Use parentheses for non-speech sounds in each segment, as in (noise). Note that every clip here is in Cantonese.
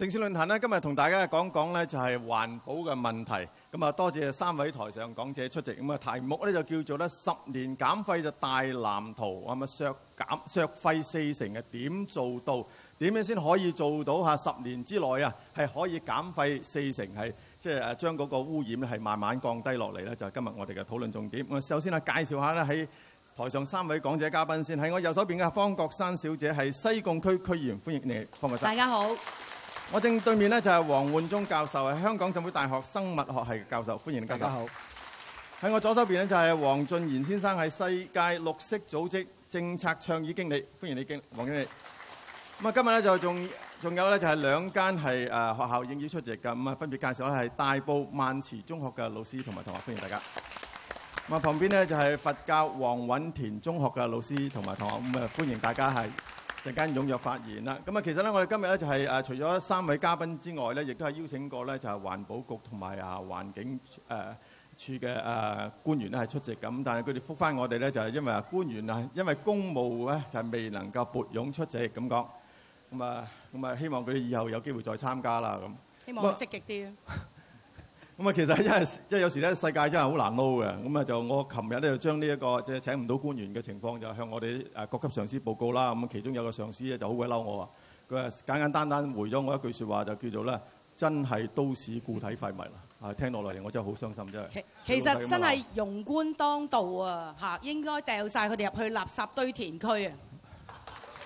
城市論壇咧，今日同大家講講咧，就係環保嘅問題。咁啊，多謝三位台上講者出席。咁啊，題目咧就叫做咧十年減廢就大藍圖，係咪削減削廢四成嘅點做到？點樣先可以做到？嚇，十年之內啊，係可以減廢四成，係即係誒將嗰個污染咧係慢慢降低落嚟咧，就係今日我哋嘅討論重點。咁啊，首先啊，介紹下咧喺台上三位講者嘉賓先。喺我右手邊嘅方國珊小姐係西貢區區議員，歡迎你，方國珊。大家好。我正對面呢，就係黃煥忠教授，係香港浸會大學生物學系教授，歡迎教授。大家好。喺我左手邊呢，就係黃俊賢先生，係世界綠色組織政策倡議經理，歡迎你經黃經理。咁啊好，今日咧就仲仲有咧就係兩間係誒學校應邀出席嘅，咁啊分別介紹咧係大埔萬慈中學嘅老師同埋同學，歡迎大家。咁啊好，旁邊呢，就係佛教黃允田中學嘅老師同埋同學，咁啊歡迎大家係。陣間踴躍發言啦！咁啊，其實咧，我哋今日咧就係誒，除咗三位嘉賓之外咧，亦都係邀請過咧，就係環保局同埋啊環境誒處嘅誒官員咧係出席咁。但係佢哋覆翻我哋咧，就係因為啊官員啊，因為公務咧就未能夠撥擁出席咁講。咁啊，咁啊，希望佢哋以後有機會再參加啦咁。希望積極啲。 (laughs) 咁啊，其實真係真係有時咧，世界真係好難撈嘅。咁啊，就我琴日咧就將呢一個即係請唔到官員嘅情況，就向我哋誒各級上司報告啦。咁其中有個上司咧就好鬼嬲我啊，佢話簡簡單單回咗我一句説話，就叫做咧真係都市固體廢物啦。啊，聽落嚟我真係好傷心真係。其實真係庸官當道啊！嚇，應該掉曬佢哋入去垃圾堆填區啊！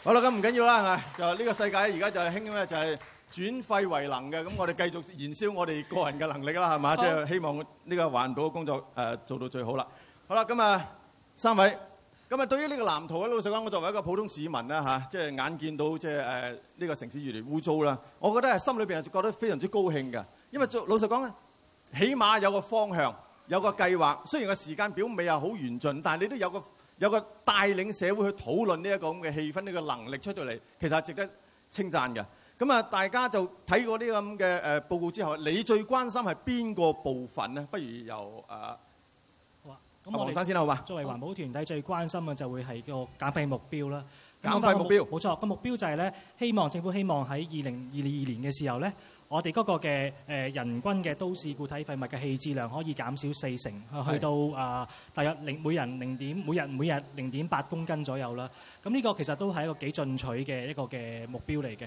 好啦，咁唔緊要啦，係就係呢個世界而家就係興咩就係。轉廢為能嘅。咁，我哋繼續燃燒我哋個人嘅能力啦，係嘛？即係希望呢個環保嘅工作誒做到最好啦。好啦，咁啊三位咁啊，對於呢個藍圖咧，老實講，我作為一個普通市民咧嚇，即係眼見到即係誒呢個城市越嚟越污糟啦。我覺得係心裏邊係覺得非常之高興嘅，因為老實講咧，起碼有個方向，有個計劃。雖然個時間表未係好完盡，但係你都有個有個帶領社會去討論呢一個咁嘅氣氛、呢個能力出到嚟，其實係值得稱讚嘅。咁啊！大家就睇過呢咁嘅誒報告之後，你最關心係邊個部分咧？不如由啊黃生先好嘛？啊。作為環保團體，最關心嘅就會係個減廢目標啦。減廢目標冇錯，個目標就係咧，希望政府希望喺二零二二年嘅時候咧，我哋嗰個嘅誒人均嘅都市固體廢物嘅棄置量可以減少四成，是去到啊，大約零每人零點每日每日零點八公斤左右啦。咁呢個其實都係一個幾進取嘅一個嘅目標嚟嘅。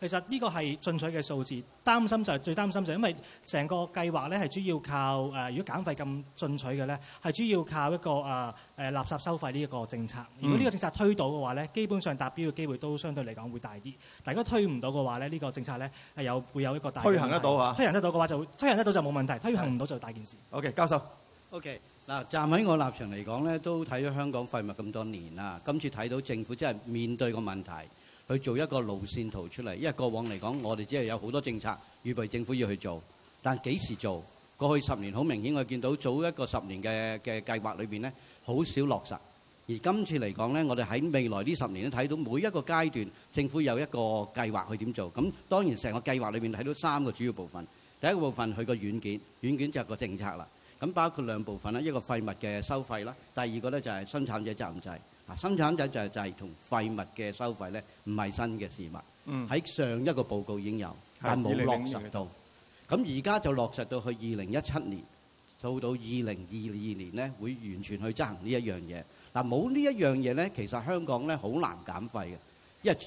其實呢個係進取嘅數字，擔心就係、是、最擔心就係因為成個計劃咧係主要靠誒、呃，如果減廢咁進取嘅咧，係主要靠一個啊誒、呃、垃圾收費呢一個政策。如果呢個政策推到嘅話咧，基本上達標嘅機會都相對嚟講會大啲。但如果推唔到嘅話咧，呢、這個政策咧係有會有一個大推行得到啊！推行得到嘅話就會推行得到就冇問題，推行唔到就大件事。好嘅，okay, 教授。好嘅，嗱站喺我立場嚟講咧，都睇咗香港廢物咁多年啦，今次睇到政府真係面對個問題。去做一個路線圖出嚟，因為過往嚟講，我哋只係有好多政策預備，政府要去做，但幾時做？過去十年好明顯，我哋見到早一個十年嘅嘅計劃裏邊咧，好少落實。而今次嚟講咧，我哋喺未來呢十年都睇到每一個階段政府有一個計劃去點做。咁當然成個計劃裏邊睇到三個主要部分，第一個部分佢個軟件，軟件就係個政策啦。咁包括兩部分啦，一個廢物嘅收費啦，第二個咧就係生產者責任制。啊，生產者就係就係同廢物嘅收費咧，唔係新嘅事物。喺上一個報告已經有，但冇落實到。咁而家就落實到去二零一七年，到到二零二二年咧，會完全去執行呢一樣嘢。嗱，冇呢一樣嘢咧，其實香港咧好難減廢嘅，因為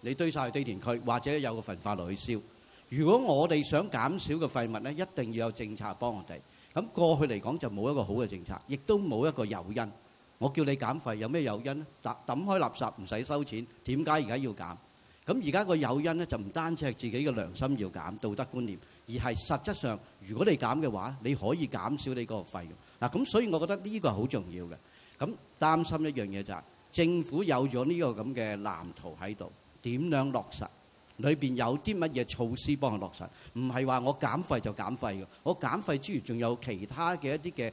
你堆曬去堆填區，或者有個焚化爐去燒。如果我哋想減少嘅廢物咧，一定要有政策幫我哋。咁過去嚟講就冇一個好嘅政策，亦都冇一個誘因。我叫你減費有咩誘因呢？抌抌開垃圾唔使收錢，點解而家要減？咁而家個誘因呢就唔單止係自己嘅良心要減，道德觀念，而係實質上，如果你減嘅話，你可以減少你嗰個費用。嗱，咁所以我覺得呢個係好重要嘅。咁擔心一樣嘢就係政府有咗呢個咁嘅藍圖喺度，點樣落實？裏邊有啲乜嘢措施幫佢落實？唔係話我減費就減費嘅，我減費之餘仲有其他嘅一啲嘅。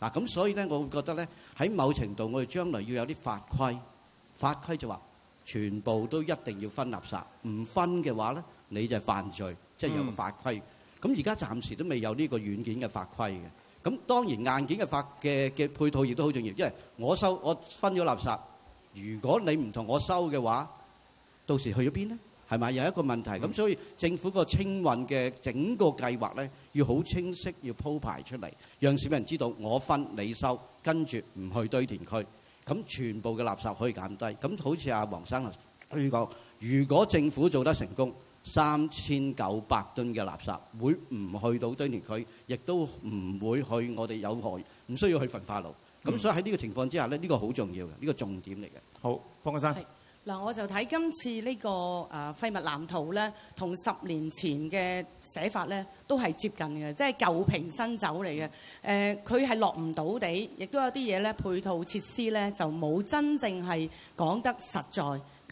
嗱，咁所以咧，我會覺得咧，喺某程度，我哋將來要有啲法規，法規就話全部都一定要分垃圾，唔分嘅話咧，你就係犯罪，即係有個法規。咁而家暫時都未有呢個軟件嘅法規嘅，咁當然硬件嘅法嘅嘅配套亦都好重要，因為我收我分咗垃圾，如果你唔同我收嘅話，到時去咗邊呢？係咪有一個問題？咁所以政府個清運嘅整個計劃咧，要好清晰，要鋪排出嚟，讓市民知道我分你收，跟住唔去堆填區，咁全部嘅垃圾可以減低。咁好似阿黃生頭先講，如果政府做得成功，三千九百噸嘅垃圾會唔去到堆填區，亦都唔會去我哋有害，唔需要去焚化爐。咁所以喺呢個情況之下咧，呢個好重要嘅，呢個重點嚟嘅。好，方國珊。嗱，我就睇今次呢個呃廢物藍圖呢，同十年前嘅寫法呢，都係接近嘅，即係舊瓶新酒嚟嘅。誒、呃，佢係落唔到地，亦都有啲嘢呢，配套設施呢就冇真正係講得實在。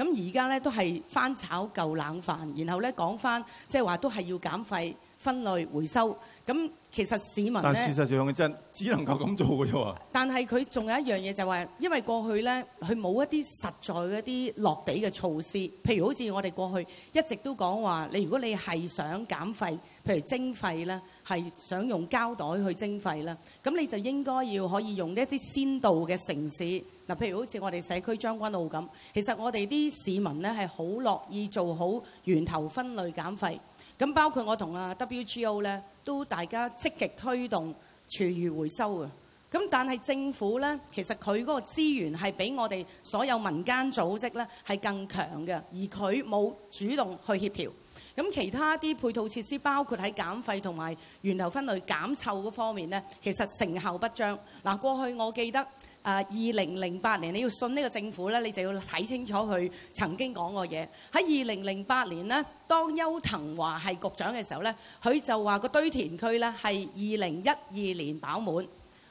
咁而家呢都係翻炒舊冷飯，然後呢講返即係話都係要減廢。分類回收，咁其實市民咧，但事實上嘅真只能夠咁做嘅啫喎。但係佢仲有一樣嘢就話，因為過去咧，佢冇一啲實在嘅一啲落地嘅措施，譬如好似我哋過去一直都講話，你如果你係想減廢，譬如徵費啦，係想用膠袋去徵費啦，咁你就應該要可以用一啲先導嘅城市，嗱譬如好似我哋社區將軍澳咁，其實我哋啲市民咧係好樂意做好源頭分類減廢。咁包括我同啊 WGO 呢，都大家積極推動廚餘回收啊！咁但係政府呢，其實佢嗰個資源係比我哋所有民間組織呢係更強嘅，而佢冇主動去協調。咁其他啲配套設施，包括喺減廢同埋源頭分類減臭嗰方面咧，其實成效不彰。嗱，過去我記得。啊！二零零八年你要信呢個政府咧，你就要睇清楚佢曾經講過嘢。喺二零零八年呢，當邱騰華係局長嘅時候咧，佢就話個堆填區咧係二零一二年飽滿。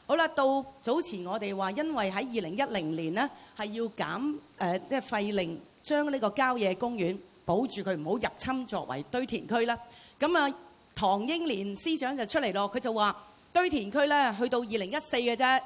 好啦，到早前我哋話因為喺二零一零年呢係要減，呃，即係廢令，將呢個郊野公園保住佢唔好入侵作為堆填區啦。咁啊，唐英年司長就出嚟咯，佢就話堆填區咧去到二零一四嘅啫。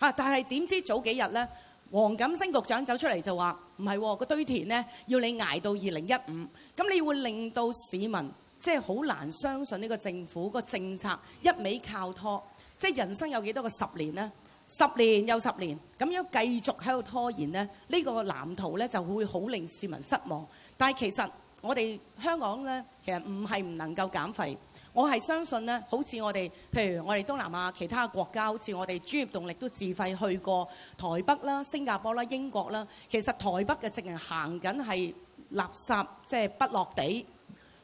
嚇、啊！但係點知早幾日咧，黃錦星局長走出嚟就話：唔係喎，個堆填咧要你捱到二零一五，咁你會令到市民即係好難相信呢個政府個政策一味靠拖，即係人生有幾多少個十年咧？十年又十年，咁樣繼續喺度拖延咧，呢、這個藍圖咧就會好令市民失望。但係其實我哋香港咧，其實唔係唔能夠減廢。我係相信咧，好似我哋，譬如我哋東南亞其他國家，好似我哋專業動力都自費去過台北啦、新加坡啦、英國啦。其實台北嘅直係行緊係垃圾，即係、就是、不落地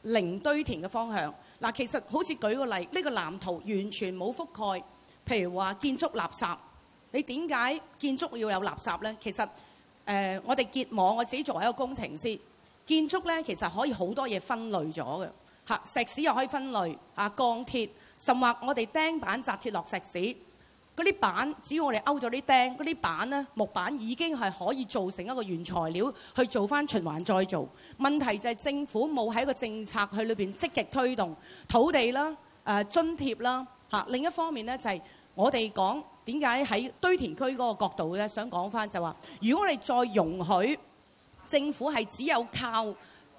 零堆填嘅方向。嗱，其實好似舉個例，呢、這個藍圖完全冇覆蓋。譬如話建築垃圾，你點解建築要有垃圾咧？其實、呃、我哋結網，我自己作為一個工程師，建築咧其實可以好多嘢分類咗嘅。石屎又可以分類，啊，鋼鐵，甚或我哋釘板紮鐵落石屎，嗰啲板只要我哋勾咗啲釘，嗰啲板咧木板已經係可以做成一個原材料去做翻循環再造。問題就係政府冇喺個政策去裏面積極推動土地啦，誒津貼啦。吓，另一方面咧就係我哋講點解喺堆填區嗰個角度咧，想講翻就話、是，如果我哋再容許政府係只有靠。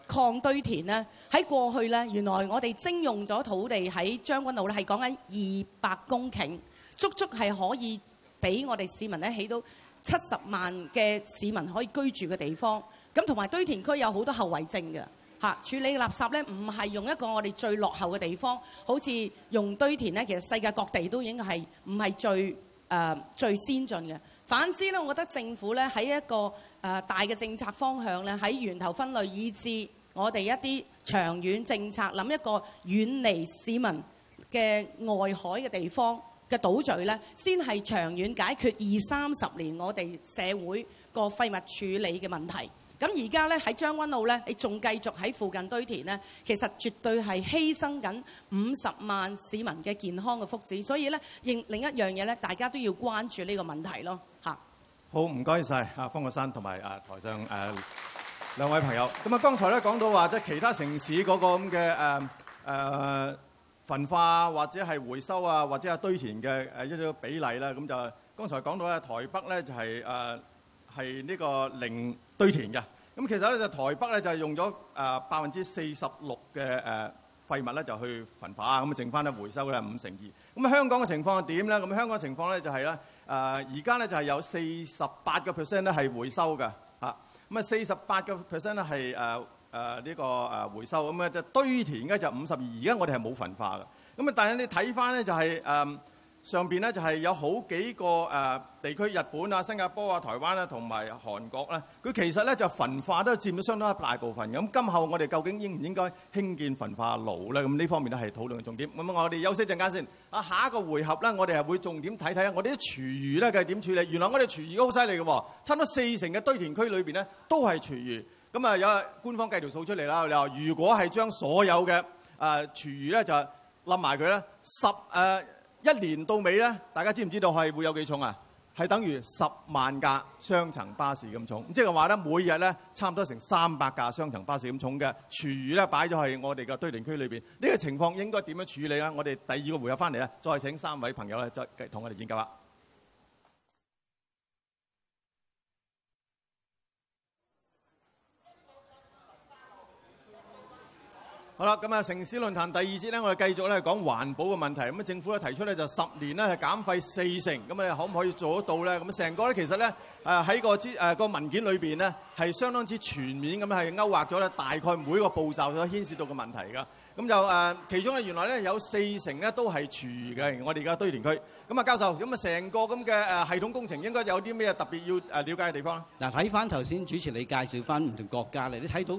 抗堆填呢，喺過去呢，原來我哋徵用咗土地喺將軍澳咧，係講緊二百公頃，足足係可以俾我哋市民咧起到七十萬嘅市民可以居住嘅地方。咁同埋堆填區有好多後遺症嘅嚇、啊，處理垃圾咧唔係用一個我哋最落後嘅地方，好似用堆填咧。其實世界各地都已經係唔係最、呃、最先進嘅。反之咧，我覺得政府咧喺一個、呃、大嘅政策方向咧，喺源頭分類以至。我哋一啲長遠政策，諗一個遠離市民嘅外海嘅地方嘅島嶼咧，先係長遠解決二三十年我哋社會個廢物處理嘅問題。咁而家咧喺將軍澳咧，你仲繼續喺附近堆填咧，其實絕對係犧牲緊五十萬市民嘅健康嘅福祉。所以咧，另另一樣嘢咧，大家都要關注呢個問題咯。嚇！好，唔該曬啊方國珊同埋啊台上誒，兩位朋友，咁啊，剛才呢講到話即係其他城市嗰個咁嘅焚化或者係回收啊或者係堆填嘅一個比例呢，咁就剛才講到台北咧就係呢個零堆填嘅。咁其實呢，就台北呢就係用咗百分之四十六嘅誒廢物就去焚化啊，咁剩翻回收咧五成二。咁香港嘅情況點咧？咁香港嘅情況呢，香港嘅情況就係呢，而家呢就係有四十八個 percent 呢係回收嘅咁啊，四十八個 percent 咧係誒誒呢個誒回收咁啊，堆填嘅就五十二，而家我哋係冇焚化嘅。咁啊，但係你睇翻咧就係誒。呃上邊咧就係有好幾個誒地區，日本啊、新加坡啊、台灣啊，同埋韓國咧。佢其實咧就焚化都佔咗相當一部分大嘅。咁今後我哋究竟應唔應該興建焚化爐咧？咁呢方面咧係討論嘅重點。咁我哋休息陣間先啊，下一個回合咧，我哋係會重點睇睇我哋啲廚餘咧，佢點處理。原來我哋廚餘都好犀利嘅喎，差唔多四成嘅堆填區裏邊咧都係廚餘。咁啊有官方計條數出嚟啦，你話如果係將所有嘅誒廚餘咧就冧埋佢咧十誒。一年到尾咧，大家知唔知道係會有幾重啊？係等於十萬架雙層巴士咁重，即係話咧，每日咧差唔多成三百架雙層巴士咁重嘅廚餘咧擺咗喺我哋嘅堆填區裏邊，呢個情況應該點樣處理咧？我哋第二個回合翻嚟咧，再請三位朋友咧再繼續同我哋研究下。好啦，咁啊，城市論壇第二節咧，我哋繼續咧講環保嘅問題。咁啊，政府咧提出咧就十年咧係減廢四成，咁啊，可唔可以做得到咧？咁啊，成個咧其實咧誒喺個誒個文件裏邊咧係相當之全面咁樣係勾畫咗咧大概每個步驟所牽涉到嘅問題噶。咁就誒其中咧原來咧有四成咧都係廚餘嘅，我哋而家堆填區。咁啊，教授，咁啊成個咁嘅誒系統工程應該有啲咩特別要誒瞭解嘅地方咧？嗱，睇翻頭先主持你介紹翻唔同國家嚟，你睇到。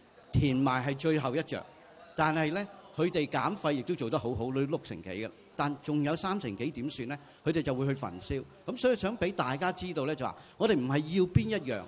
填埋係最後一著，但係咧，佢哋減廢亦都做得好好，你六成幾嘅。但仲有三成幾點算咧？佢哋就會去焚燒咁，所以想俾大家知道咧，就話，我哋唔係要邊一樣，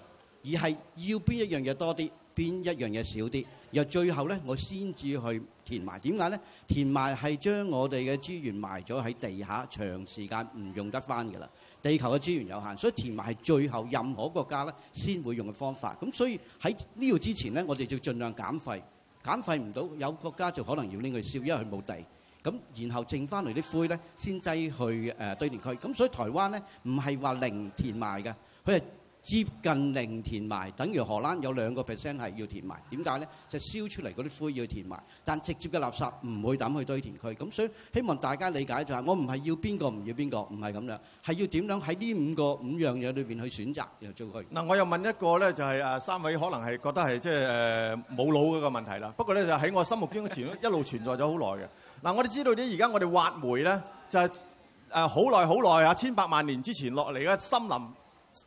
而係要邊一樣嘢多啲，邊一樣嘢少啲，又最後咧，我先至去填埋。點解咧？填埋係將我哋嘅資源埋咗喺地下，長時間唔用得翻㗎啦。地球嘅資源有限，所以填埋係最後任何國家咧先會用嘅方法。咁所以喺呢度之前咧，我哋就盡量減廢，減廢唔到，有國家就可能要拎去燒，因為佢冇地。咁然後剩翻嚟啲灰咧，先製去誒堆填區。咁所以台灣咧唔係話零填埋嘅，佢係接近零填埋，等於荷蘭有兩個 percent 係要填埋，點解咧？就是、燒出嚟嗰啲灰要填埋，但直接嘅垃圾唔會抌去堆填區。咁所以希望大家理解就係、是，我唔係要邊個唔要邊個，唔係咁樣，係要點樣喺呢五個五樣嘢裏邊去選擇然後做佢。嗱，我又問一個咧，就係、是、誒三位可能係覺得係即係誒冇腦嘅個問題啦。不過咧就喺、是、我心目中嘅前一路存在咗好耐嘅。嗱， (laughs) 我哋知道啲而家我哋挖煤咧，就係誒好耐好耐啊，千百萬年之前落嚟嘅森林誒。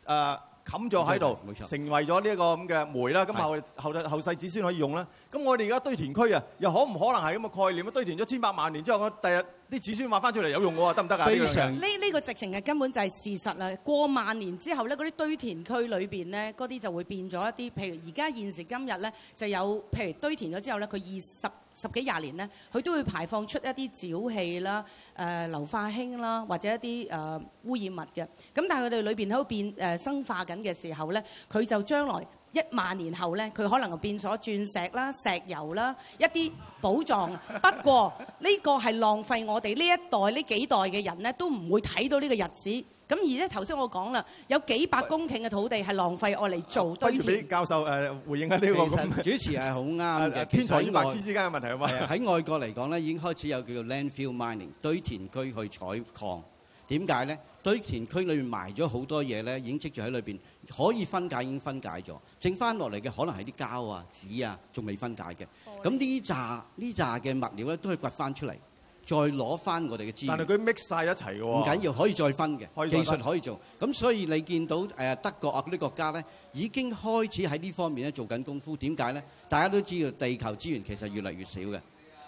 呃冚咗喺度，成為咗呢一個咁嘅煤啦。咁後是的 後，後世子孫可以用啦。咁我哋而家堆填區啊，又可唔可能係咁嘅概念？堆填咗千百萬年之後，我第日。啲子孫話翻出嚟有用喎，得唔得啊？非常、呢個。呢、呢、呢個直情係根本就係事實啦。過萬年之後咧，嗰啲堆填區裏邊咧，嗰啲就會變咗一啲，譬如而家現時今日咧，就有譬如堆填咗之後咧，佢二十十幾廿年咧，佢都會排放出一啲沼氣啦、誒、呃、硫化氫啦，或者一啲誒、呃、污染物嘅。咁但係佢哋裏邊喺度變誒、呃、生化緊嘅時候咧，佢就將來。一萬年後咧，佢可能變咗鑽石啦、石油啦，一啲寶藏。 (laughs) 不過呢個係浪費，我哋呢一代、呢幾代嘅人咧，都唔會睇到呢個日子。咁而咧，頭先我講啦，有幾百公頃嘅土地係浪費，我嚟做堆填。啊、教授誒，回應下、這、呢個，主持係好啱嘅。 (laughs) 天才與白痴之間嘅問題係嘛？喺 (laughs) 外國嚟講咧，已經開始有叫做 landfill mining 堆填區去採礦。點解咧？堆填區裏面埋咗好多嘢咧，已經積住喺裏邊，可以分解已經分解咗，剩翻落嚟嘅可能係啲膠啊、紙啊，仲未分解嘅。咁呢扎呢紮嘅物料咧，都可以掘翻出嚟，再攞翻我哋嘅資源。但係佢 mix 曬一齊喎、哦，唔緊要，可以再分嘅技術可以做。咁所以你見到誒、呃、德國啊嗰啲國家咧，已經開始喺呢方面咧做緊功夫。點解咧？大家都知道地球資源其實越嚟越少嘅。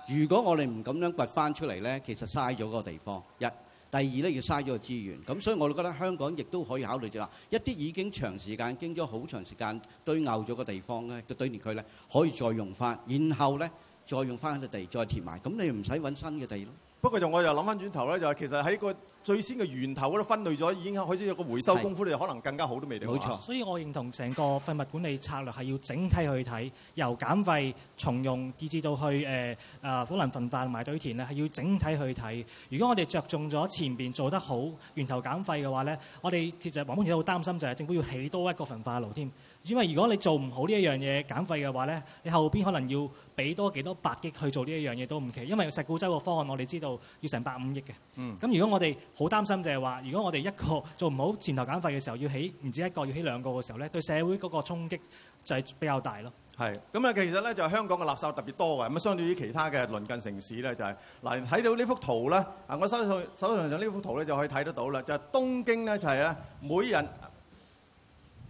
如果我哋唔咁樣掘翻出嚟咧，其實嘥咗個地方一。第二咧，要嘥咗個資源，咁所以我哋覺得香港亦都可以考慮住啦。一啲已經長時間經咗好長時間堆填咗嘅地方咧，就堆完佢咧，可以再用翻，然後咧再用翻嗰地再填埋，咁你唔使搵新嘅地咯。不過我就我又諗翻轉頭咧，就係、是、其實喺個。最先嘅源頭都分類咗，已經開始有個回收功夫，是你就可能更加好都未定。冇錯。所以我認同成個廢物管理策略係要整體去睇，由減廢、重用，以至到去誒、呃、啊可能焚化埋堆填咧係要整體去睇。如果我哋着重咗前邊做得好，源頭減廢嘅話咧，我哋其實黃先生好擔心就係政府要起多一個焚化爐添。因為如果你做唔好呢一樣嘢減廢嘅話咧，你後邊可能要俾多幾多百億去做呢一樣嘢都唔奇。因為石鼓洲嘅方案我哋知道要成百五億嘅。嗯。咁如果我哋好擔心就係話，如果我哋一個做唔好前頭減廢嘅時候，要起唔止一個，要起兩個嘅時候咧，對社會嗰個衝擊就係比較大咯。係，咁啊其實咧就香港嘅垃圾特別多嘅，咁啊相對於其他嘅鄰近城市咧就係嗱，睇到呢幅圖咧，啊我手頭上呢幅圖咧就可以睇得到啦，就係東京咧就係咧每人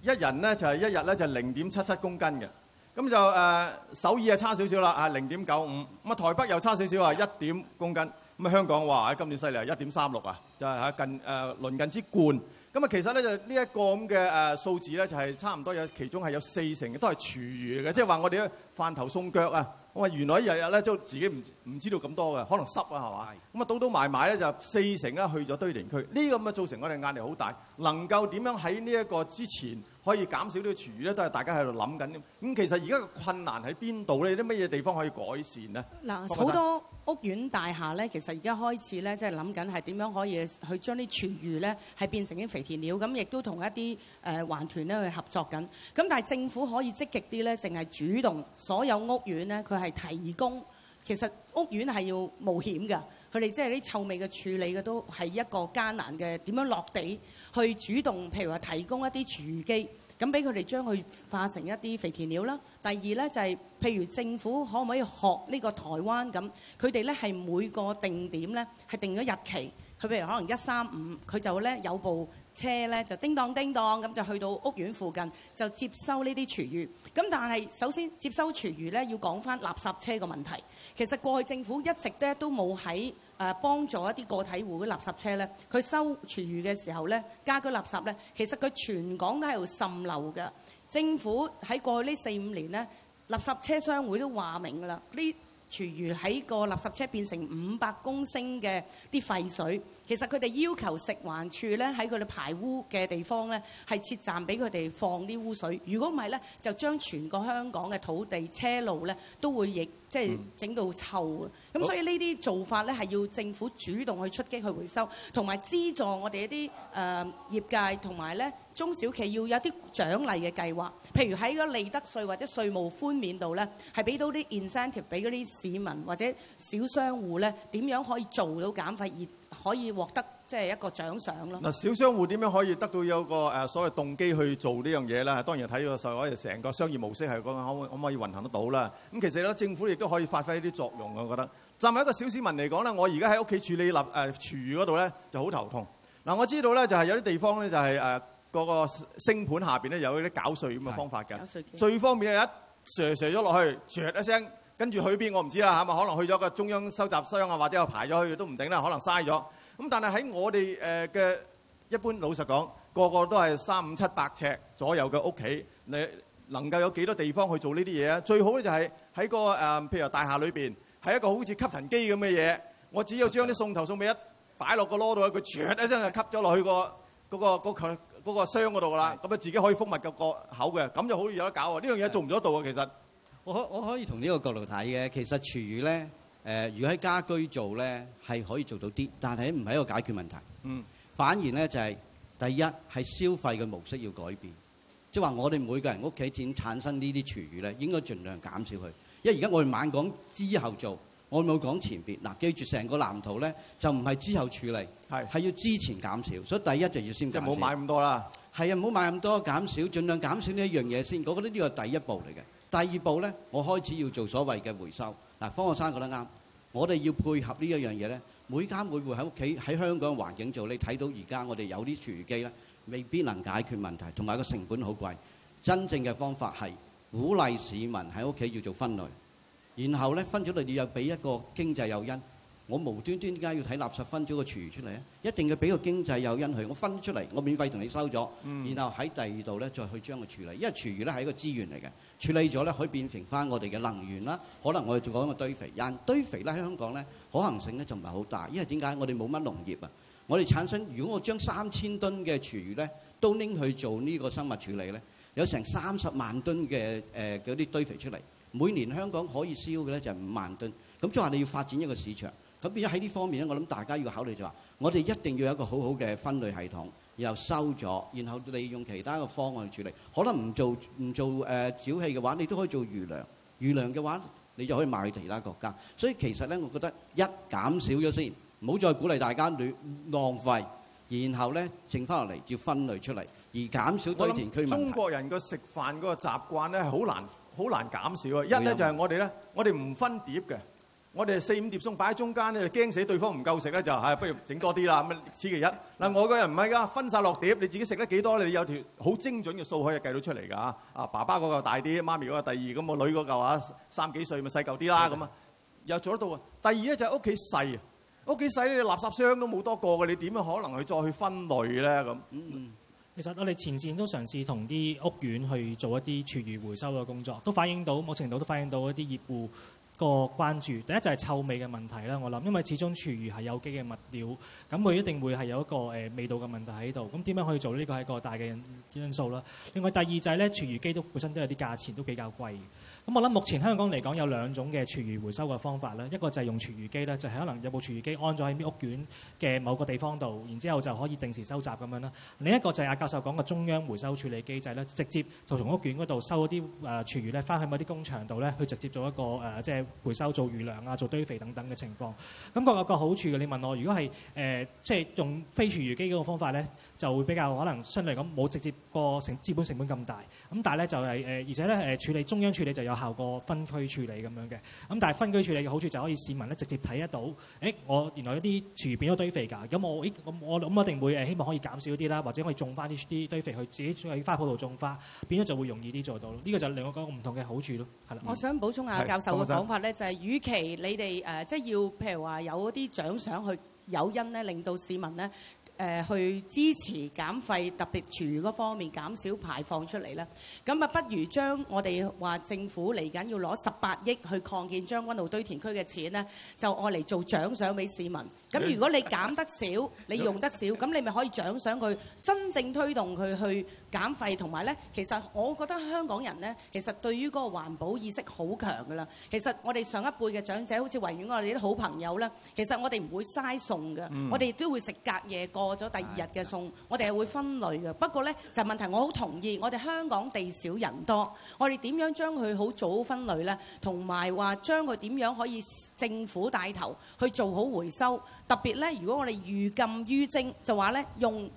一人咧就係一日咧就零點七七公斤嘅，咁就誒、呃、首爾啊差少少啦，啊零點九五，咁啊台北又差少少啊一點公斤。咁香港話喺今年犀利啊，一點三六啊，就係嚇近誒鄰近之冠。咁、嗯、啊，其實咧就呢一、這個咁嘅誒數字咧，就係、是、差唔多有其中係有四成都係廚餘嘅，即係話我哋咧飯頭送腳啊。我、嗯、話原來日日咧都自己唔唔知道咁多嘅，可能濕啊係嘛。咁啊，倒倒的、嗯、埋埋咧就四成咧去咗堆填區。呢、這個咁啊造成我哋壓力好大，能夠點樣喺呢一個之前？可以減少廚餘，呢個廚餘咧，都係大家喺度諗緊。咁、嗯、其實而家嘅困難喺邊度咧？啲乜嘢地方可以改善咧？嗱，好多屋苑大廈咧，其實而家開始咧，即係諗緊係點樣可以去將啲廚餘咧係變成啲肥田鳥咁，亦都同一啲誒、呃、環團咧去合作緊。咁但係政府可以積極啲咧，淨係主動所有屋苑咧，佢係提供。其實屋苑係要冒險㗎。佢哋即係啲臭味嘅處理都係一個艱難嘅，點樣落地去主動，譬如話提供一啲廚餘機，咁俾佢哋將佢化成一啲肥田料啦。第二呢，就是，就係譬如政府可唔可以學呢個台灣咁，佢哋呢係每個定點呢，係定咗日期。佢譬如可能一三五，佢就咧有部車咧就叮當叮當咁就去到屋苑附近就接收呢啲廚餘。咁但係首先接收廚餘咧要講翻垃圾車個問題。其實過去政府一直咧都冇喺誒幫助一啲個體戶嘅垃圾車咧，佢收廚餘嘅時候咧家居垃圾咧，其實佢全港都喺度滲漏㗎。政府喺過去呢四五年咧，垃圾車商會都話明㗎啦，呢。廚餘喺個垃圾車變成五百公升嘅啲廢水。其實佢哋要求食環處咧喺佢哋排污嘅地方咧，係設站俾佢哋放啲污水。如果唔係咧，就將全個香港嘅土地、車路咧都會亦即係整到臭嘅。咁、嗯、所以呢啲做法咧係要政府主動去出擊去回收，同埋資助我哋一啲誒、呃、業界，同埋咧中小企要有啲獎勵嘅計劃。譬如喺個利得稅或者稅務寬免度咧，係俾到啲 incentive 俾嗰啲市民或者小商戶咧，點樣可以做到減廢而，可以獲得即係、就是、一個獎賞咯。嗱，小商戶點樣可以得到有一個誒所謂動機去做這件事呢樣嘢咧？當然睇個細路成個商業模式係可可唔可以運行得到啦。咁其實咧，政府亦都可以發揮一啲作用，我覺得。作為一個小市民嚟講咧，我而家喺屋企處理立誒、啊、廚餘嗰度咧就好頭痛。嗱、啊，我知道咧就係、是、有啲地方咧就係誒嗰個星盆下邊咧有啲搞碎咁嘅方法嘅。是最方便係一瀉瀉咗落去，瀉一聲。跟住去邊我唔知啦嚇，可能去咗個中央收集箱啊，或者去排咗去都唔定啦，可能嘥咗。咁但係喺我哋誒嘅一般，老實講，個個都係三五七八尺左右嘅屋企，你能夠有幾多地方去做呢啲嘢啊？最好咧就係喺個誒譬如大廈裏邊，係一個好似吸塵機咁嘅嘢。我只要將啲餸頭餸尾一擺落個攞度咧，佢唰一聲就吸咗落去個嗰個嗰個嗰個箱嗰度㗎啦。咁啊自己可以覆密個個口嘅，咁就好易有得搞喎。呢樣嘢做唔到得到嘅其實。我可我可以從呢個角度睇嘅。其實廚餘咧，誒、呃，如果喺家居做咧，係可以做到啲，但係唔係一個解決問題。嗯。反而咧就係、是、第一係消費嘅模式要改變，即係話我哋每個人屋企點產生呢啲廚餘咧，應該儘量減少佢。因為而家我哋猛講之後做，我冇講前邊嗱、啊。記住成個藍圖咧，就唔係之後處理，係是要之前減少。所以第一就要先減少。即係唔好買咁多啦。係啊，唔好買咁多，減少，儘量減少呢一樣嘢先。我覺得呢個係第一步嚟嘅。第二步咧，我開始要做所謂嘅回收。嗱，方國珊講得啱，我哋要配合呢一樣嘢咧，每家每戶喺屋企喺香港環境做，你睇到而家我哋有啲廚餘機咧，未必能解決問題，同埋個成本好貴。真正嘅方法係鼓勵市民喺屋企要做分類，然後咧分咗類，你又俾一個經濟誘因。我無端端點解要睇垃圾分咗個廚餘出嚟啊？一定要俾個經濟有因許。我分出嚟，我免費同你收咗，嗯、然後喺第二度咧再去將佢處理。因為廚餘咧係一個資源嚟嘅，處理咗咧可以變成翻我哋嘅能源啦。可能我哋做講個堆肥，但堆肥咧喺香港咧可行性咧就唔係好大，因為點解我哋冇乜農業啊？我哋產生，如果我將三千噸嘅廚餘咧都拎去做呢個生物處理咧，有成三十萬噸嘅誒嗰啲堆肥出嚟。每年香港可以燒嘅咧就係五萬噸，咁即係話你要發展一個市場。咁變咗喺呢方面咧，我諗大家要考慮就話，我哋一定要有一個好好嘅分類系統，然後收咗，然後利用其他嘅方案去處理。可能唔做唔做誒沼氣嘅話，你都可以做魚糧。魚糧嘅話，你就可以賣去其他國家。所以其實咧，我覺得一減少咗先，唔好再鼓勵大家亂浪費，然後咧剩翻落嚟要分類出嚟，而減少堆填區。中國人個食飯嗰個習慣咧係好難好難減少。一咧想就係我哋咧，我哋唔分碟嘅。我哋四五碟餸擺喺中間咧，就驚死對方唔夠食咧，就係、哎、不如整多啲啦咁。 (laughs) 此其一。嗱，我個人唔係㗎，分晒落碟，你自己食得幾多，你有條好精準嘅數可以計到出嚟㗎。啊，爸爸嗰嚿大啲，媽咪嗰個第二，咁我女嗰嚿啊三幾歲，咪細嚿啲啦咁啊。又做得到。啊。第二咧就係屋企細，屋企細你垃圾箱都冇多個嘅，你點樣可能去再去分類咧咁？嗯,嗯，其實我哋前線都嘗試同啲屋苑去做一啲廚餘回收嘅工作，都反映到某程度都反映到一啲業戶。個關注第一就係臭味嘅問題啦，我諗，因為始終廚餘係有機嘅物料，咁佢一定會係有一個誒、呃、味道嘅問題喺度。咁點樣可以做呢？呢個係一個大嘅因素啦。另外第二就係咧，廚餘機都本身都有啲價錢都比較貴。咁我諗目前香港嚟講有兩種嘅廚餘回收嘅方法咧，一個就係用廚餘機咧，就係可能有部廚餘機安咗喺屋苑嘅某個地方度，然之後就可以定時收集咁樣啦。另一個就係阿教授講嘅中央回收處理機制咧，直接就從屋苑嗰度收嗰啲廚餘咧，翻去某啲工場度咧，去直接做一個即係回收做魚糧啊、做堆肥等等嘅情況。咁各有個好處嘅。你問我，如果係即係用非廚餘機嗰個方法咧，就會比較可能相對嚟講冇直接個成資本成本咁大。咁但係咧就係而且咧處理中央處理就有。效果分區處理咁樣嘅，咁但係分區處理嘅好處就可以市民咧直接睇得到，誒、欸，我原來有啲廚餘變咗堆肥㗎，咁我，諗、欸、我咁我一定會希望可以減少啲啦，或者可以種翻啲啲堆肥去自己喺花圃度種花，變咗就會容易啲做到咯。呢、這個就另外講個唔同嘅好處咯，係啦。我想補充下教授嘅講法咧，是就係與其你哋誒，即係要譬如話有一啲獎賞去誘因咧，令到市民咧。誒去支持減廢，特別廚餘方面減少排放出嚟咧。咁啊，不如將我哋話政府嚟緊要攞十八億去擴建將軍澳堆填區嘅錢咧，就愛嚟做獎賞俾市民。咁如果你減得少，你用得少，咁你咪可以獎賞佢，真正推動佢去。減廢同埋咧，其實我覺得香港人咧，其實對於嗰個環保意識好強噶啦。其實我哋上一輩嘅長者，好似維園我哋啲好朋友咧，其實我哋唔會嘥餸嘅，嗯、我哋亦都會食隔夜過咗第二日嘅餸，的我哋係會分類嘅。不過咧，就是、問題我好同意，我哋香港地少人多，我哋點樣將佢好早分類咧？同埋話將佢點樣可以政府帶頭去做好回收？特別咧，如果我哋如禁如徵，就話咧用。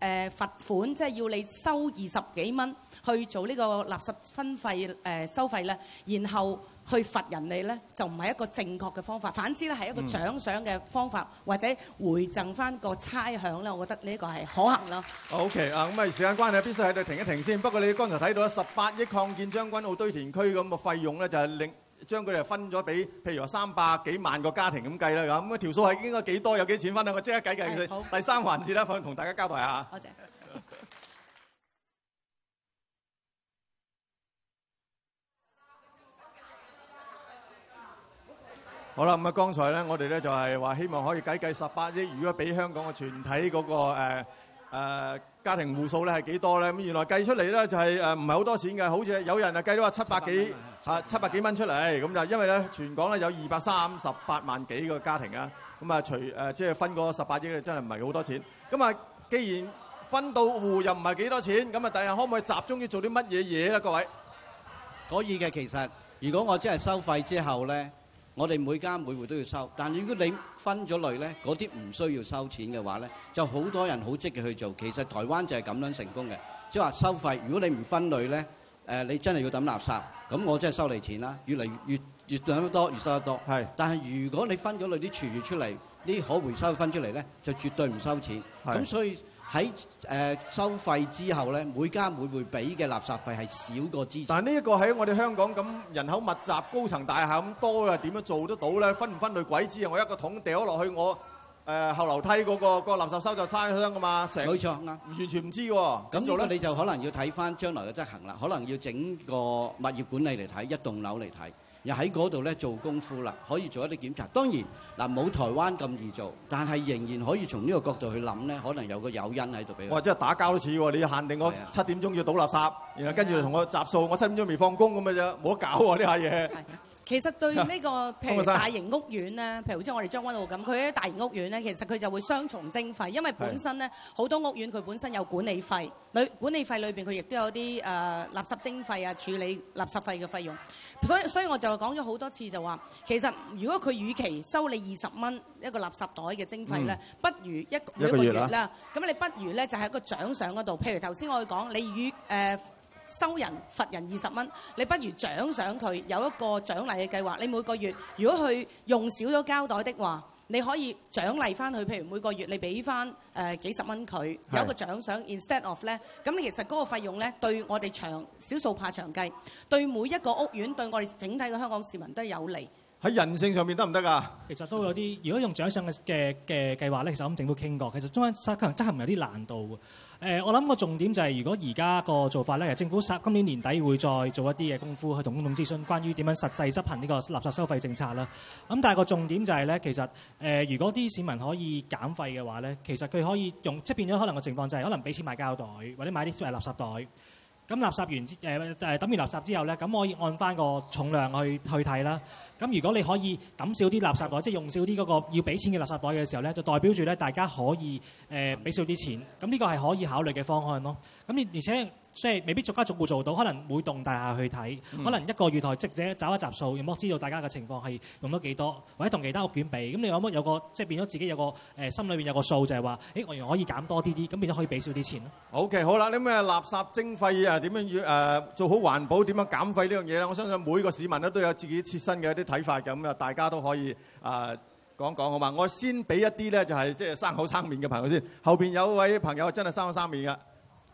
誒罰、呃、款，即係要你收二十幾蚊去做呢個垃圾分費誒、呃、收費咧，然後去罰人哋咧，就唔係一個正確嘅方法。反之咧，係一個獎賞嘅方法，嗯、或者回贈翻個差餉咧，我覺得呢個係可行咯。OK，啊咁啊，時間關係必須喺度停一停先。不過你剛才睇到十八億擴建將軍澳堆填區咁嘅費用咧，就係、是、令。將佢哋分咗俾，譬如話三百幾萬個家庭咁計啦，咁條數係應該幾多？有幾錢分咧？我即刻計計佢哋。好，第三環節啦，同大家交代下。多謝。好啦，咁啊，剛才咧，我哋咧就係話希望可以計計十八億，如果俾香港嘅全體嗰個誒。誒、呃、家庭戶數咧係幾多咧？咁原來計出嚟咧，就係誒唔係好多錢嘅，好似有人啊計咗話七百幾嚇七百幾蚊，啊，出嚟，咁就因為咧全港咧有二百三十八萬幾個家庭啊，咁啊除誒即係分個十八億，真係唔係好多錢。咁啊，既然分到戶又唔係幾多錢，咁啊，第日可唔可以集中於做啲乜嘢嘢咧？各位可以嘅，其實如果我真係收費之後咧。我哋每家每戶都要收，但係如果你分咗類咧，嗰啲唔需要收錢嘅話咧，就好多人好積極去做。其實台灣就係咁樣成功嘅，即係話收費。如果你唔分類咧，呃，你真係要抌垃圾，咁我真係收你錢啦。越嚟越越越抌得多，越收得多。是但係如果你分咗類啲廚餘出嚟，啲可回收分出嚟咧，就絕對唔收錢。咁是所以。喺誒收費之後咧，每家每戶俾嘅垃圾費係少過之前。但係呢一個喺我哋香港咁人口密集、高層大廈咁多嘅，點樣做得到咧？分唔分類鬼知啊！我一個桶掉落去，我誒後樓梯嗰個個垃圾收集箱㗎嘛，成冇錯啊，完全唔知喎。咁做咧，你就可能要睇翻將來嘅執行啦，可能要整個物業管理嚟睇一棟樓嚟睇。又喺嗰度咧做功夫啦，可以做一啲檢查。當然嗱，冇台灣咁易做，但係仍然可以從呢個角度去諗咧，可能有個誘因喺度。哇！即係打交都似喎，你要限定我七點鐘要倒垃圾，的然後跟住同的我集數，我七點鐘未放工咁嘅啫，冇得搞喎呢下嘢。其實對呢、呢個譬如大型屋苑呢，譬如好似我哋將軍澳咁，佢喺大型屋苑呢，其實佢就會雙重徵費，因為本身呢，好是多屋苑佢本身有管理費，裏管理費裏邊佢亦都有啲誒、呃、垃圾徵費啊、處理垃圾費嘅費用。所以所以我就講咗好多次就話，其實如果佢與其收你二十蚊一個垃圾袋嘅徵費咧，嗯、不如一個每一個月啦。咁你不如咧就喺個獎賞嗰度，譬如頭先我講，你與誒，呃收人罰人二十蚊，你不如獎賞佢有一個獎勵嘅計劃。你每個月如果去用少咗膠袋的話，你可以獎勵返佢。譬如每個月你俾返呃幾十蚊佢，有一個獎賞。是 Instead of 呢，咁你其實嗰個費用呢，對我哋長少數怕長計，對每一個屋苑，對我哋整體嘅香港市民都有利。喺人性上面得唔得啊？其實都有啲，如果用獎賞嘅嘅嘅計劃咧，其實我諗政府傾過。其實中央可能執行有啲難度嘅、呃。我諗個重點就係、是，如果而家個做法咧，政府今年年底會再做一啲嘅功夫去同公眾諮詢，關於點樣實際執行呢個垃圾收費政策啦。咁但係個重點就係咧，其實誒、呃，如果啲市民可以減廢嘅話咧，其實佢可以用，即係變咗可能個情況就係、是，可能俾錢買膠袋或者買啲所謂垃圾袋。咁垃圾完之，誒、呃、抌完垃圾之後呢，咁我按返個重量去去睇啦。咁如果你可以抌少啲垃圾袋，即、就、係、是、用少啲嗰個要畀錢嘅垃圾袋嘅時候呢，就代表住呢大家可以誒俾、呃、少啲錢。咁呢個係可以考慮嘅方案咯。咁而且，所以未必逐家逐戶做到，可能每棟大廈去睇，嗯、可能一個月台即者找一集數，有冇知道大家嘅情況係用咗幾多，或者同其他屋邨比，咁你有冇有，有個即係變咗自己有個誒、呃、心裏邊有個數就是說，就係話誒我原來可以減多啲啲，咁變咗可以俾少啲錢咯。OK，好啦，啲咩垃圾徵費啊，點樣要誒、呃、做好環保，點樣減費呢樣嘢咧？我相信每個市民咧都有自己切身嘅一啲睇法嘅，咁啊大家都可以誒、呃、講講好嘛。我先俾一啲咧，就係即係生口生面嘅朋友先，後邊有位朋友真係生口生面㗎。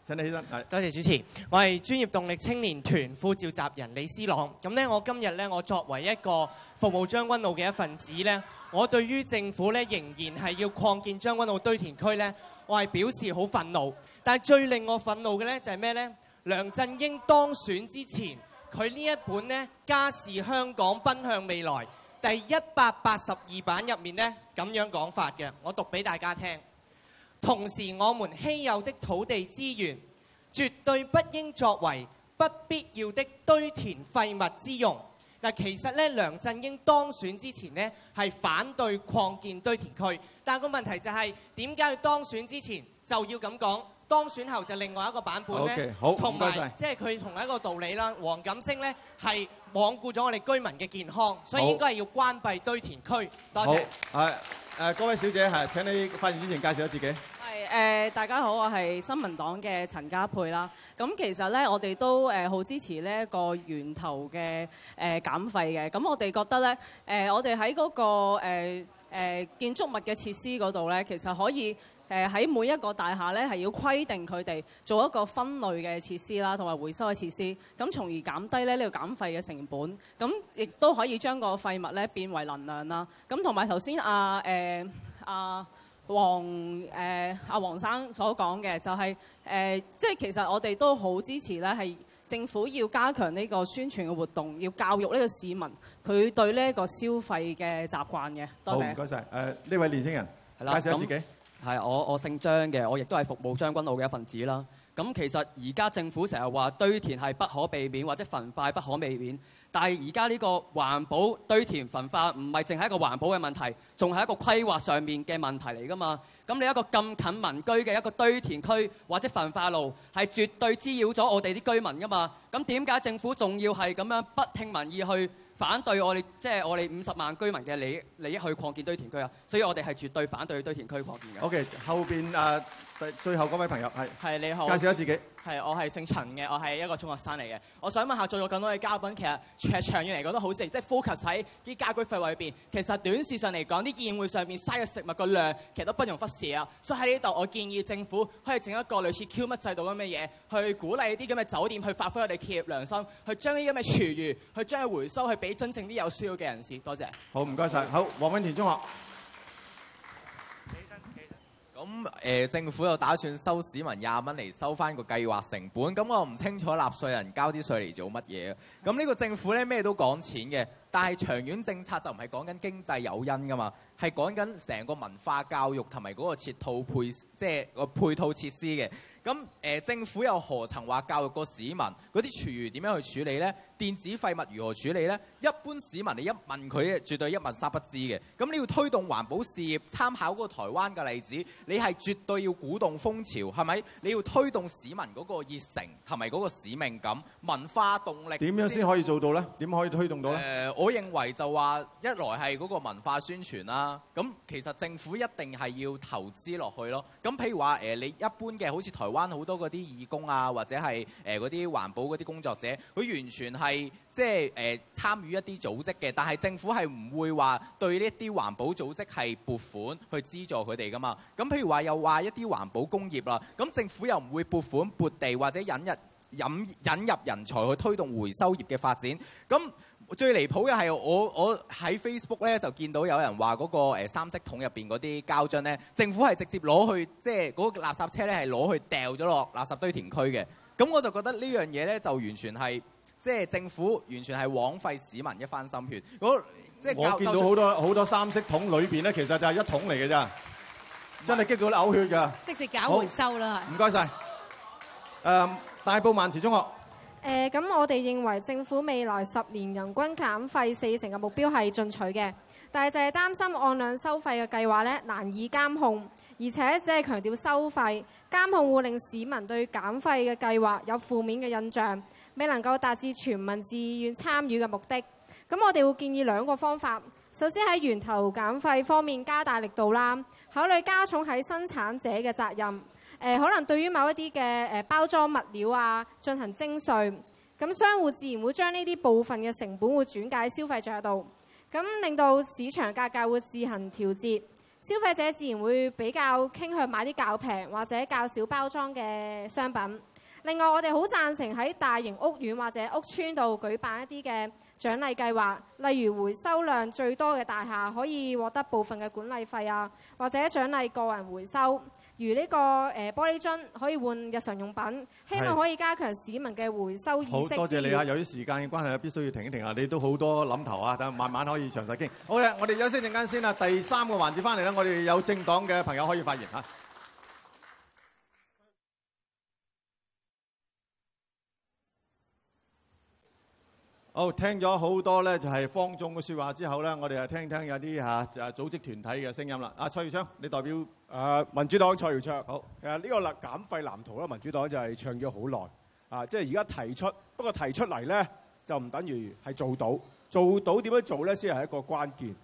請你起身。多謝主持。我係專業動力青年團副召集人李思朗。咁呢，我今日呢，我作為一個服務將軍澳嘅一份子呢，我對於政府呢，仍然係要擴建將軍澳堆填區呢，我係表示好憤怒。但係最令我憤怒嘅呢，就係咩呢？梁振英當選之前，佢呢一本呢《家是香港奔向未來》第一百八十二版入面呢，咁樣講法嘅，我讀俾大家聽。同時，我們稀有的土地資源絕對不應作為不必要的堆填廢物之用。嗱，其實咧，梁振英當選之前呢，係反對擴建堆填區，但個問題就係點解佢當選之前就要咁講，當選後就另外一個版本咧？OK. 好，有謝謝即係佢同一個道理啦。黃錦星咧係罔顧咗我哋居民嘅健康，所以應該係要關閉堆填區。多謝，謝。係、啊、各位小姐，係請你發言之前介紹下自己。誒、呃，大家好，我係新民黨嘅陳家沛啦。咁其實咧，我哋都誒好、呃、支持呢一個源頭嘅誒、呃、減廢嘅。咁我哋覺得咧，誒、呃、我哋喺嗰個誒、呃呃、建築物嘅設施嗰度咧，其實可以誒喺、呃、每一個大廈咧，係要規定佢哋做一個分類嘅設施啦，同埋回收嘅設施。咁從而減低咧呢個減廢嘅成本。咁亦都可以將個廢物咧變為能量啦。咁同埋頭先啊誒啊。呃啊王誒阿黃生所講嘅就係、是、誒、呃，即係其實我哋都好支持咧，係政府要加強呢個宣傳嘅活動，要教育呢個市民佢對呢個消費嘅習慣嘅。多謝。好，唔該晒誒呢位年輕人，介紹下自己係我，我姓張嘅，我亦都係服務將軍澳嘅一份子啦。咁其實而家政府成日話堆填係不可避免或者焚化不可避免，但係而家呢個環保堆填焚化唔係淨係一個環保嘅問題，仲係一個規劃上面嘅問題嚟噶嘛？咁你一個咁近民居嘅一個堆填區或者焚化爐，係絕對滋擾咗我哋啲居民噶嘛？咁點解政府仲要係咁樣不聽民意去反對我哋即係我哋五十萬居民嘅利益利益去擴建堆填區啊？所以我哋係絕對反對堆填區擴建嘅。O.K. 後邊啊。Uh 最後嗰位朋友係，你好，介紹下自己。係，我係姓陳嘅，我係一個中學生嚟嘅。我想問下做咗咁多嘅嘉賓，其實其實長遠嚟講都好重要即係、就是、focus 喺啲家居廢物裏面，其實短時上嚟講，啲宴會上面嘥嘅食物個量其實都不容忽視啊。所以喺呢度，我建議政府可以整一個類似 Q 乜制度咁嘅嘢，去鼓勵啲咁嘅酒店去發揮我哋企業良心，去將呢啲咁嘅廚餘去將佢回收去俾真正啲有需要嘅人士。多謝。好，唔該晒。謝謝。好，黃永田中學。咁、嗯呃、政府又打算收市民廿蚊嚟收翻個計劃成本，咁我唔清楚納稅人交啲稅嚟做乜嘢。咁呢個政府咧咩都講錢嘅，但係長遠政策就唔係講緊經濟誘因噶嘛，係講緊成個文化教育同埋嗰個設套配，即係個配套設施嘅。咁誒、呃、政府又何曾話教育過市民啲廚餘點樣去處理咧？電子廢物如何處理咧？一般市民你一問佢，絕對一問三不知嘅。咁你要推動環保事業，參考個台灣嘅例子，你係絕對要鼓動風潮，係咪？你要推動市民嗰個熱誠同埋嗰個使命感、文化動力。點樣先可以做到咧？點可以推動到咧？誒、呃、我認為就話一來係嗰個文化宣傳啦、啊。咁其實政府一定係要投資落去咯。咁譬如話誒、呃、你一般嘅好似台灣。關好多嗰啲義工啊，或者係誒嗰啲環保嗰啲工作者，佢完全係即係誒參與一啲組織嘅，但係政府係唔會話對呢啲環保組織係撥款去資助佢哋噶嘛。咁譬如話又話一啲環保工業啦，咁政府又唔會撥款撥地或者引入，引引入人才去推動回收業嘅發展。咁最離譜嘅係我我喺 Facebook 咧就見到有人話嗰個誒三色桶入邊嗰啲膠樽咧，政府係直接攞去即係嗰垃圾車咧係攞去掉咗落垃圾堆填區嘅。咁我就覺得呢樣嘢咧就完全係即係政府完全係枉費市民一番心血。我即係我見到好多好多三色桶裏邊咧，其實就係一桶嚟嘅啫，真係激到嘔血㗎！即係搞回收啦，唔該晒。誒。大埔萬池中學，誒咁、呃、我哋認為政府未來十年人均減廢四成嘅目標係進取嘅，但係就係擔心按量收費嘅計劃呢難以監控，而且只係強調收費，監控會令市民對減廢嘅計劃有負面嘅印象，未能夠達至全民自願參與嘅目的。咁我哋會建議兩個方法，首先喺源頭減廢方面加大力度啦，考慮加重喺生產者嘅責任。誒可能對於某一啲嘅包裝物料啊進行徵稅，咁商戶自然會將呢啲部分嘅成本會轉介消費者度，咁令到市場價格會自行調節，消費者自然會比較傾向買啲較平或者較少包裝嘅商品。另外，我哋好贊成喺大型屋苑或者屋邨度舉辦一啲嘅獎勵計劃，例如回收量最多嘅大廈可以獲得部分嘅管理費啊，或者獎勵個人回收，如呢個誒玻璃樽可以換日常用品，希望可以加強市民嘅回收意識。好多謝你啊！由於時間嘅關係，必須要停一停啊！你都好多諗頭啊，等慢慢可以詳細傾。好嘅，我哋休息陣間先啊。第三個環節翻嚟啦，我哋有政黨嘅朋友可以發言嚇。好，oh, 聽咗好多咧，就係方眾嘅說話之後咧，我哋就聽聽有啲嚇就係組織團體嘅聲音啦。阿蔡耀昌，你代表誒民主黨蔡耀昌。好。其實呢個減廢藍圖咧，民主黨就係唱咗好耐啊，即係而家提出，不過提出嚟咧就唔等於係做到，做到點樣做咧先係一個關鍵。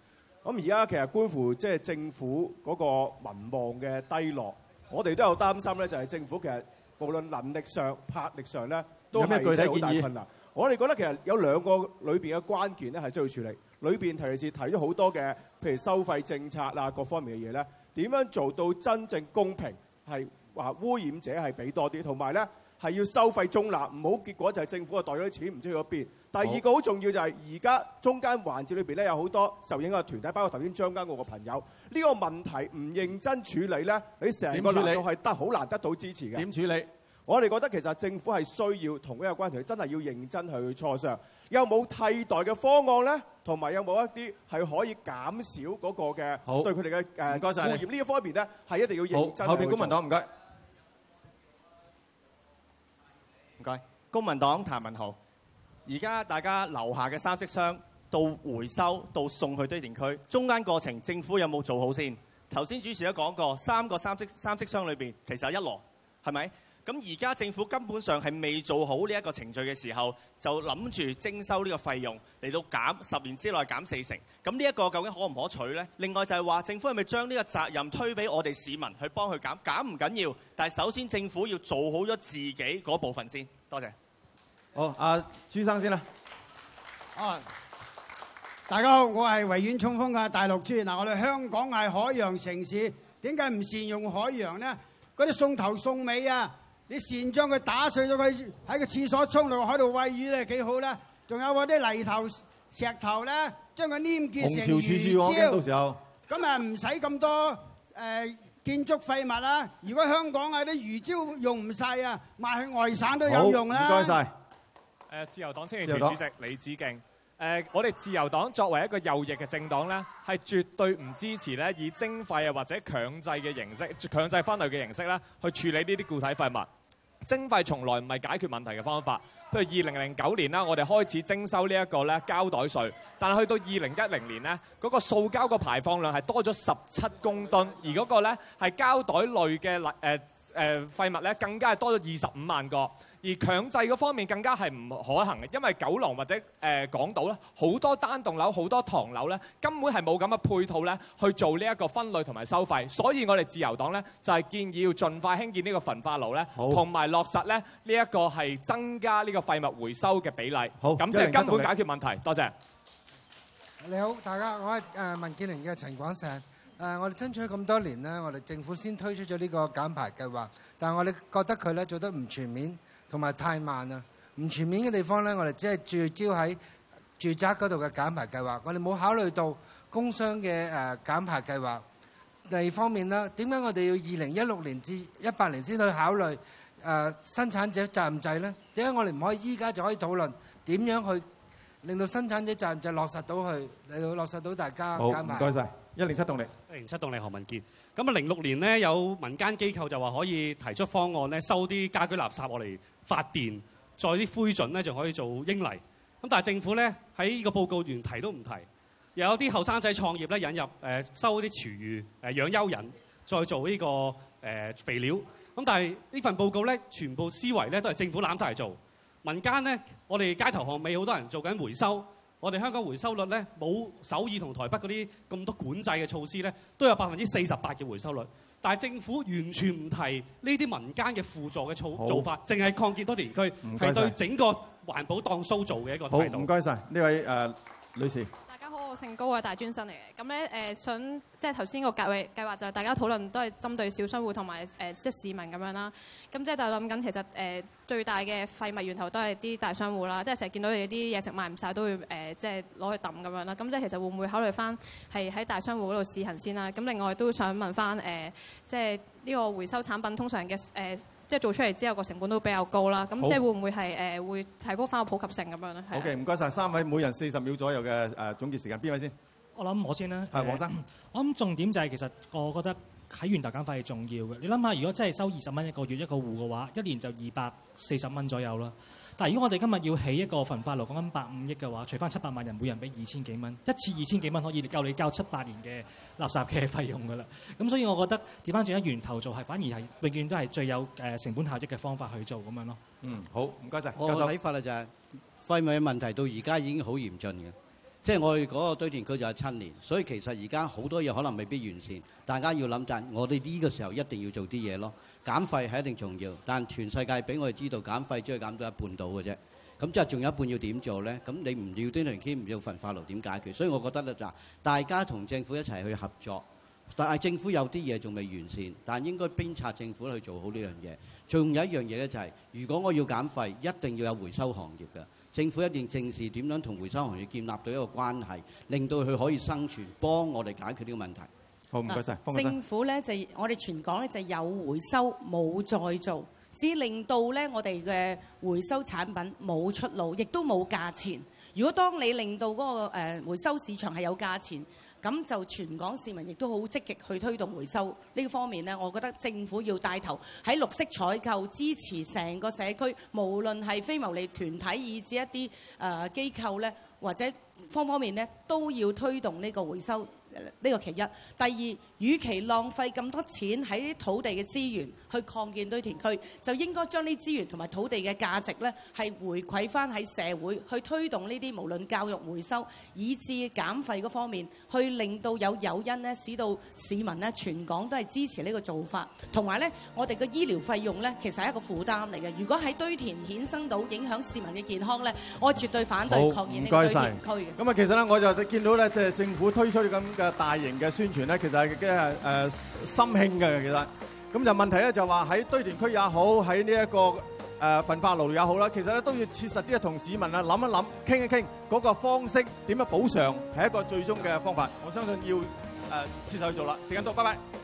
咁而家其實關乎即係政府嗰個民望嘅低落，我哋都有擔心咧，就係政府其實無論能力上、魄力上咧，都係有好困我哋覺得其實有兩個裏面嘅關鍵咧，係需要處理。裏面，尤其是提咗好多嘅，譬如收費政策啊，各方面嘅嘢咧，點樣做到真正公平？係話污染者係俾多啲，同埋咧係要收費中立，唔好結果就係政府啊，袋咗啲錢唔知去咗邊。第二個好重要就係而家中間環節裏面咧，有好多受影響嘅團體，包括頭先張家傲嘅朋友。呢個問題唔認真處理咧，你成個難度係得好難得到支持嘅。點處理？我哋覺得其實政府係需要同一個關係，真係要認真去磋商。有冇替代嘅方案咧？同埋有冇一啲係可以減少嗰個嘅好對佢哋嘅誒業呢一方面咧，係一定要認真去。後邊公民黨唔該，唔該，謝謝公民黨譚文豪，而家大家樓下嘅三色箱到回收到送去堆填區，中間過程政府有冇做好先？頭先主持都講過三個三色三色箱裏邊其實一攞係咪？是咁而家政府根本上係未做好呢一個程序嘅時候，就諗住徵收呢個費用嚟到減十年之內減四成。咁呢一個究竟可唔可取呢？另外就係話政府係咪將呢個責任推俾我哋市民去幫佢減？減唔緊要，但首先政府要做好咗自己嗰部分先。多謝。好，啊朱生先啦。啊，大家好，我係維園衝鋒嘅大陸朱。嗱，我哋香港係海洋城市，點解唔善用海洋呢？嗰啲送頭送尾啊！你先將佢打碎咗，佢喺個廁所沖落海，喺度餵魚咧幾好啦！仲有嗰啲泥頭、石頭咧，將佢黏結成魚礁，咁啊唔使咁多誒建築廢物啦。如果香港啊啲魚礁用唔晒啊，賣去外省都有用啦。唔該晒，誒自由黨青年團主席李梓敬。誒，我哋自由黨作為一個右翼嘅政黨咧，係絕對唔支持咧以徵費啊或者強制嘅形式、強制分類嘅形式咧去處理呢啲固體廢物。徵費從來唔係解決問題嘅方法，譬如二零零九年啦，我哋開始徵收呢一個咧膠袋稅，但係去到二零一零年咧，嗰個塑膠個排放量係多咗十七公噸，而嗰個咧係膠袋類嘅嚟誒。呃誒、呃、廢物咧更加係多咗二十五萬個，而強制嗰方面更加係唔可行嘅，因為九龍或者誒、呃、港島咧好多單棟樓、好多唐樓咧根本係冇咁嘅配套咧去做呢一個分類同埋收費，所以我哋自由黨咧就係、係、建議要盡快興建呢個焚化爐咧，同埋好落實咧呢一、呢個係增加呢個廢物回收嘅比例，咁先好根本解決，解決問題。多謝。你好，大家，我係誒民建聯嘅陳廣石。誒、啊，我哋爭取咁多年呢我哋政府先推出咗呢個減排計劃，但係我哋覺得佢呢做得唔全面，同埋太慢啦。唔全面嘅地方呢，我哋只係聚焦喺住宅嗰度嘅減排計劃，我哋冇考慮到工商嘅誒、呃、減排計劃。第二方面呢，點解我哋要二零一六年至一八年先去考慮誒、呃、生產者責任制呢？點解我哋唔可以依家就可以討論點樣去令到生產者責任制落實到佢，嚟到落實到大家好，唔該晒。謝謝。一零七動力，一零七動力何文傑。咁啊，零六年咧有民間機構就話可以提出方案咧，收啲家居垃圾我嚟發電，再啲灰燼咧就可以做英泥。咁但係政府咧喺呢個報告段提都唔提。又有啲後生仔創業咧引入誒收啲廚餘誒養蚯蚓，再做呢個誒肥料。咁但係呢份報告咧全部思維咧都係政府攬曬嚟做，民間咧我哋街頭巷尾好多人做緊回收。我哋香港回收率咧冇首爾同台北嗰啲咁多管制嘅措施咧，都有百分之四十八嘅回收率。但係政府完全唔提呢啲民間嘅輔助嘅措做法，淨係擴建多年區，係謝對整個環保當騷做嘅一個態度。好，唔該晒呢位誒、呃、女士。高性高嘅大專生嚟嘅，咁咧誒想即係頭先個計劃計劃就係大家討論都係針對小商戶同埋誒即係市民咁樣啦，咁即係就諗緊其實誒、呃、最大嘅廢物源頭都係啲大商戶啦，即係成日見到有啲嘢食賣唔晒，都會誒、呃、即係攞去抌咁樣啦，咁即係其實會唔會考慮翻係喺大商戶嗰度試行先啦？咁另外都想問翻誒、呃，即係呢個回收產品通常嘅誒。呃即係做出嚟之後個成本都比較高啦，咁即係會唔會係誒、呃、會提高翻個普及性咁樣咧？好嘅，唔該晒。三位，每人四十秒左右嘅誒、呃、總結時間，邊位先？我諗我先啦，係黃生，呃、我諗重點就係其實我覺得喺源頭減廢係重要嘅。你諗下，如果真係收二十蚊一個月一個戶嘅話，一年就二百四十蚊左右啦。但係，如果我哋今日要起一個焚化爐，講緊百五億嘅話，除翻七百萬人，每人俾二千幾蚊，一次二千幾蚊可以夠你交七八年嘅垃圾嘅費用噶啦。咁所以，我覺得調翻轉喺源頭做係，反而係永遠都係最有誒成本效益嘅方法去做咁樣咯。嗯，好，唔該晒。教授睇法咧就係、是、廢物問題到而家已經好嚴峻嘅。即係我哋嗰個堆填區就係七年，所以其實而家好多嘢可能未必完善，大家要諗，但我哋呢個時候一定要做啲嘢咯。減廢係一定重要，但全世界俾我哋知道減廢只係減到一半到嘅啫。咁即係仲有一半要點做呢？咁你唔要堆填區，唔要焚化爐，點解決？所以我覺得就大家同政府一齊去合作。但係政府有啲嘢仲未完善，但應該鞭策政府去做好呢樣嘢。仲有一樣嘢呢、就係，就係如果我要減廢，一定要有回收行業嘅。政府一定正視點樣同回收行業建立到一個關係，令到佢可以生存，幫我哋解決呢個問題。好，唔該晒，方生，政府咧就我哋全港咧就有回收冇再做，只令到咧我哋嘅回收產品冇出路，亦都冇價錢。如果當你令到嗰個，呃，回收市場係有價錢。咁就全港市民亦都好積極去推動回收呢個方面呢，我覺得政府要帶頭喺綠色採購支持成個社區，無論係非牟利團體以至一啲機、呃、機構呢或者方方面面呢，都要推動呢個回收。呢個其一，第二，與其浪費咁多錢喺土地嘅資源去擴建堆填區，就應該將呢資源同埋土地嘅價值咧，係回饋翻喺社會，去推動呢啲無論教育回收，以至減廢嗰方面，去令到有誘因呢使到市民呢全港都係支持呢個做法。同埋咧，我哋嘅醫療費用咧，其實係一個負擔嚟嘅。如果喺堆填衍生到影響市民嘅健康咧，我絕對反對擴建堆填區嘅。咁啊，其實咧，我就見到咧，即係政府推出咁嘅大型嘅宣傳咧，其實係即係誒心慶嘅，其實咁就問題咧，就話喺堆填區也好，喺呢一個誒焚化爐也好啦，其實咧都要切實啲啊，同市民啊諗一諗，傾一傾嗰個方式點樣補償係一個最終嘅方法。我相信要誒切實去做啦。時間到，拜拜。